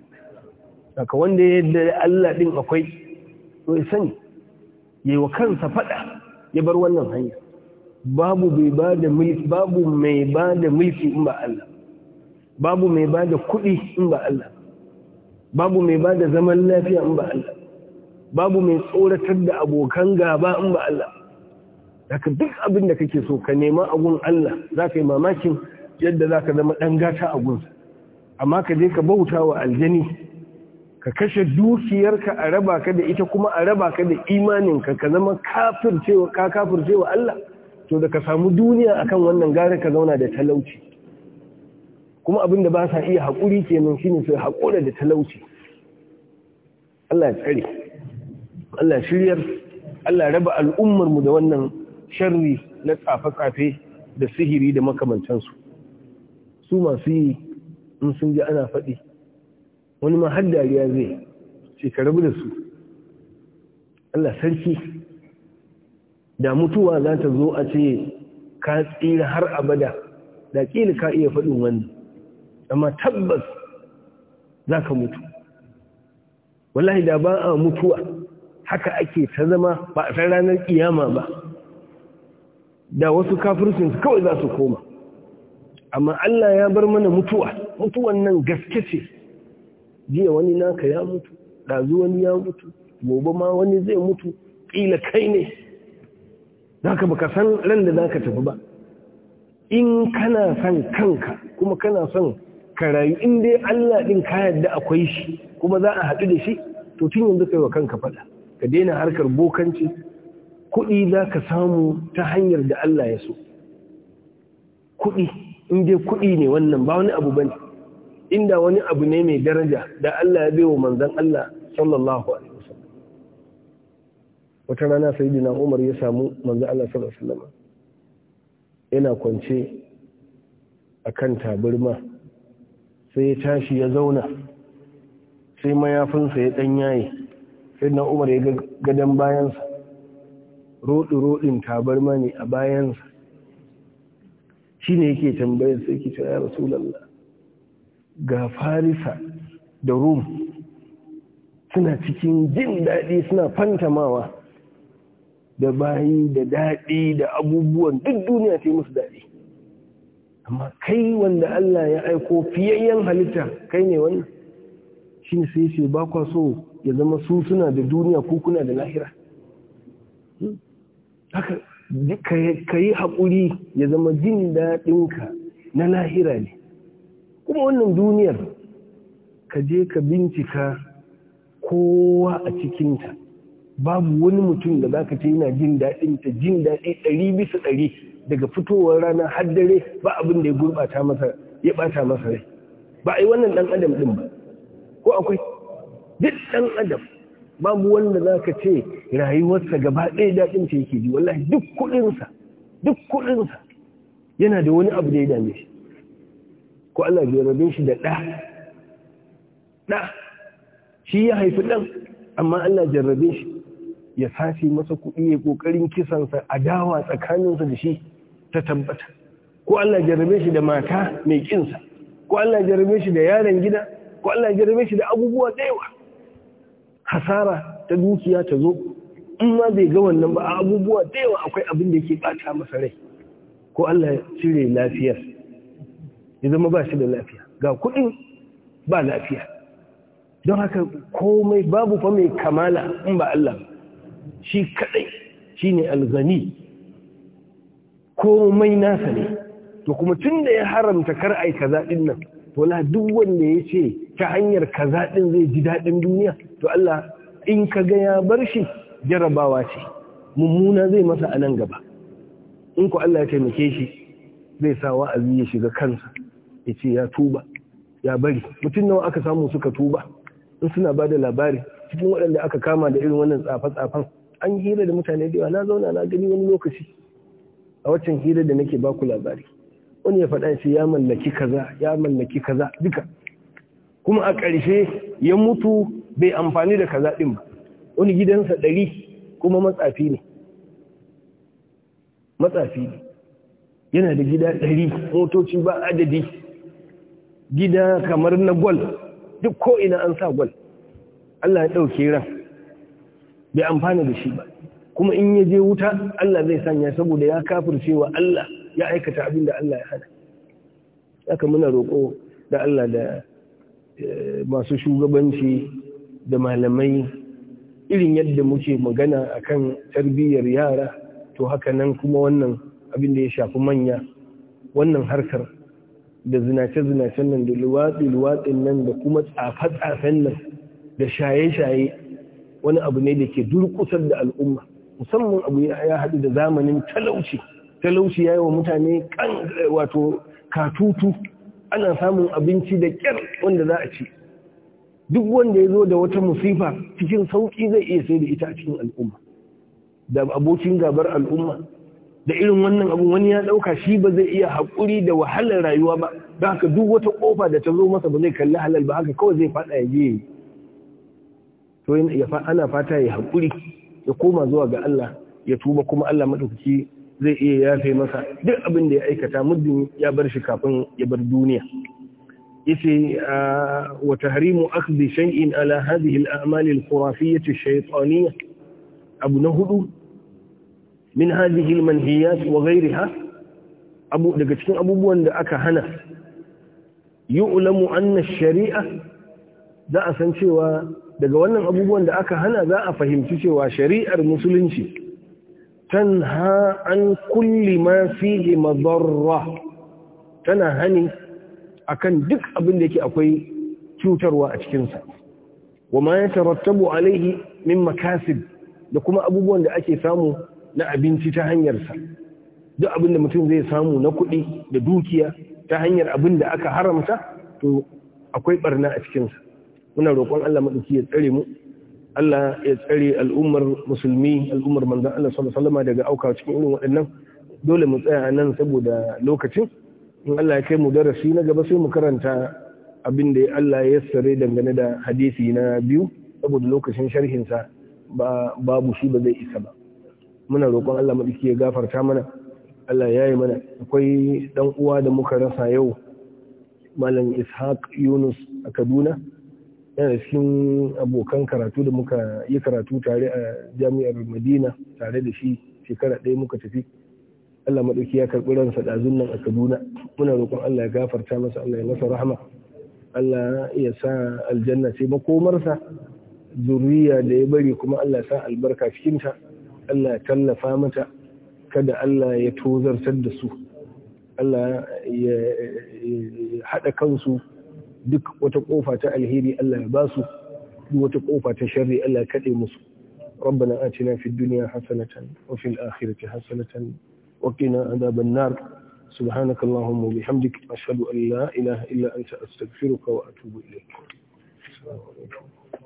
saka wanda ya yadda Allah din akwai to ya sani yayi wa kansa fada ya bar wannan hanya babu bai ba da mulki babu mai ba da mulki in ba Allah babu mai ba da kuɗi in ba Allah babu mai ba da zaman lafiya in ba Allah babu mai tsoratar da abokan gaba in ba Allah haka duk abin da kake so ka nema agun Allah za ka yi mamakin yadda za ka zama ɗan gata a gunsa amma ka je ka bauta wa aljani ka kashe dukiyarka a raba ka da ita kuma a raba ka da imaninka ka zama kafircewa ka kafircewa Allah to da ka samu duniya akan wannan gare ka zauna da talauci kuma abin da ba sa iya haƙuri kenan shine su haƙura da talauci Allah ya tsare Allah shiryar Allah raba al'ummar mu da wannan sharri na tsafe-tsafe da sihiri da makamantansu su masu yi in sun ji ana faɗi wani ma har dariya zai ce ka rabu da su Allah sarki da mutuwa za ta zo a ce ka tsira har abada da ƙila ka iya faɗin wani, amma tabbas za ka mutu wallahi da ba a mutuwa haka ake ta zama ba a san ranar kiyama ba da wasu kafircinsu kawai za su koma amma Allah ya bar mana mutuwa mutuwan nan gaske ce jiya wani naka ya mutu ɗazu wani ya mutu gobe ma wani zai mutu ƙila kai ne zaka baka san ran da za ka tafi ba in kana san kanka kuma kana son ka rayu in dai Allah ɗin ka da akwai shi kuma za a haɗu da shi to tun yanzu kai wa kanka faɗa ka daina harkar bokanci kuɗi za ka samu ta hanyar da Allah ya so kuɗi in dai kuɗi ne wannan ba wani abu bane inda wani abu ne mai daraja da Allah ya bai wa manzan Allah sallallahu alaihi wasallam wata rana sai sayyidina Umar ya samu manzan Allah sallallahu alaihi wasallam yana kwance kan taburma sai ya tashi ya zauna sai mayafinsa ya yayi. Sai na Umar ya ga gadon bayansa roɗi rodin tabarma ne a bayansa Shi ne yake tambayar sai ke ce ya ga farisa da rum suna cikin jin daɗi suna fantamawa da bayi da daɗi da abubuwan duk duniya ta yi musu daɗi amma kai wanda Allah ya aiko fiyayyen halitta kai ne wannan shi ne sai ce ba kwa so ya zama su suna da duniya ko kuna da lahira hmm? haka ka yi haƙuri ya zama jin daɗinka na lahira ne kuma wannan duniyar ka je ka bincika kowa a cikinta babu wani mutum da zaka ce yana jin daɗin ta jin daɗi ɗari bisa ɗari daga fitowar rana har dare ba abin da ya gurɓata masa ya ɓata masa rai ba a yi wannan ɗan adam ɗin ba ko akwai duk ɗan adam babu wanda za ka ce rayuwarsa gaba ɗaya daɗin ta yake ji wallahi duk kuɗinsa duk kuɗinsa yana da wani abu da ya dame shi ko Allah rabe shi da ɗa ɗa shi ya haifi ɗan amma Allah jarrabe shi ya sace masa kuɗi ya ƙoƙarin kisansa a dawa tsakaninsa da shi ta tabbata ko Allah jarrabe shi da mata mai ƙinsa ko Allah jarrabe shi da yaron gida ko Allah jarrabe shi da abubuwa dayawa hasara ta dukiya ta zo in ma bai ga wannan ba abubuwa dayawa akwai abin da yake ɓata masa rai ko Allah ya cire lafiyar ya zama ba shi da lafiya ga kuɗin ba lafiya don haka komai babu fa mai kamala in ba Allah shi kadai, shi ne alzani komai nasa ne to kuma tun da ya haramta kar ai kaza ɗin nan to wala duk wanda ya ce ta hanyar kaza ɗin zai ji daɗin duniya to Allah in ka ga ya bar shi jarabawa ce mummuna zai masa a nan gaba in ku Allah ya taimake shi zai sa wa'azi ya shiga kansa ya ce ya tuba ya bari mutum nawa aka samu suka tuba in suna ba da labari cikin waɗanda aka kama da irin wannan tsafe tsafan an hira da mutane da yawa na zauna na gani wani lokaci a waccan hira da nake baku labari wani ya faɗa shi ya mallaki kaza ya mallaki kaza duka kuma a ƙarshe ya mutu bai amfani da kaza ɗin ba wani gidansa ɗari kuma matsafi ne matsafi ne yana da gida ɗari motoci ba adadi gida kamar na gwal duk ko'ina an sa gwal Allah ya ɗauke ran bai amfana da shi ba kuma in ya je wuta Allah zai sanya saboda ya kafircewa Allah ya aikata abin da Allah ya hana haka muna roƙo da Allah da eh, masu shugabanci da malamai irin yadda muke magana akan tarbiyyar yara to haka nan kuma wannan abin da ya shafi manya wannan harkar da zinace-zinacen nan da luwatsi-luwatsin nan da kuma tsafe-tsafen nan da shaye-shaye wani abu ne da ke durkusar da al'umma musamman abu ya haɗu da zamanin talauci talauci ya yi wa mutane kan wato katutu ana samun abinci da ƙyar wanda za a ci duk wanda ya zo da wata musifa cikin sauƙi zai iya sai da ita a cikin al'umma da abokin gabar al'umma da irin wannan abu wani ya ɗauka shi ba zai iya haƙuri da wahalar rayuwa ba don haka duk wata ƙofa da ta zo masa ba zai kalli halal ba haka kawai zai fada ya je to ana fata ya haƙuri ya koma zuwa ga Allah ya tuba kuma Allah madaukaki zai iya yafe masa duk abin da ya aikata muddin ya bar shi kafin ya bar duniya yace ah, wa tahrimu akhdhi shay'in ala hadhihi al-a'mal al-khurafiyyah ash-shaytaniyah abu na hudu min hadhihi manhiyat wa ghayriha abu daga cikin abubuwan da aka hana yu'lamu anna ash-shari'a da a san cewa daga wannan abubuwan da aka hana za a fahimci cewa shari'ar musulunci tanha an kulli ma fihi madarra tana hani akan duk abin da yake akwai cutarwa a sa wa ma yatarattabu alaihi min makasib da kuma abubuwan da ake samu na abinci ta hanyarsa duk abin da mutum zai samu na kuɗi da dukiya ta hanyar abin da aka haramta to akwai barna a cikinsa muna roƙon Allah maɗauki ya tsare mu Allah ya tsare al'ummar musulmi al'ummar manzan Allah sallallahu daga auka cikin irin waɗannan dole mu tsaya nan saboda lokacin in Allah ya kai mu darasi na gaba sai mu karanta abin da Allah ya yassare dangane da hadisi na biyu saboda lokacin sharhinsa ba babu shi ba zai isa ba muna roƙon Allah madauki ya gafarta mana Allah ya yi mana akwai dan uwa da muka rasa yau malam Ishaq Yunus a Kaduna yana cikin abokan karatu da muka yi karatu tare a jami'ar Madina tare da shi shekara ɗaya muka tafi Allah maɗauki ya karɓi ransa ɗazun nan a Kaduna muna roƙon Allah ya gafarta masa Allah ya masa rahama Allah ya sa aljanna sai makomarsa zuriya da ya bari kuma Allah ya sa albarka cikinta Allah ya tallafa mata kada Allah ya tozartar da su Allah ya haɗa kansu duk wata ƙofa ta alheri Allah ya ba su duk wata ƙofa ta sharri Allah ya kaɗe musu ربنا آتنا في الدنيا حسنة وفي الآخرة حسنة وقنا عذاب النار سبحانك اللهم وبحمدك أشهد أن لا إله إلا أنت أستغفرك وأتوب إليك السلام عليكم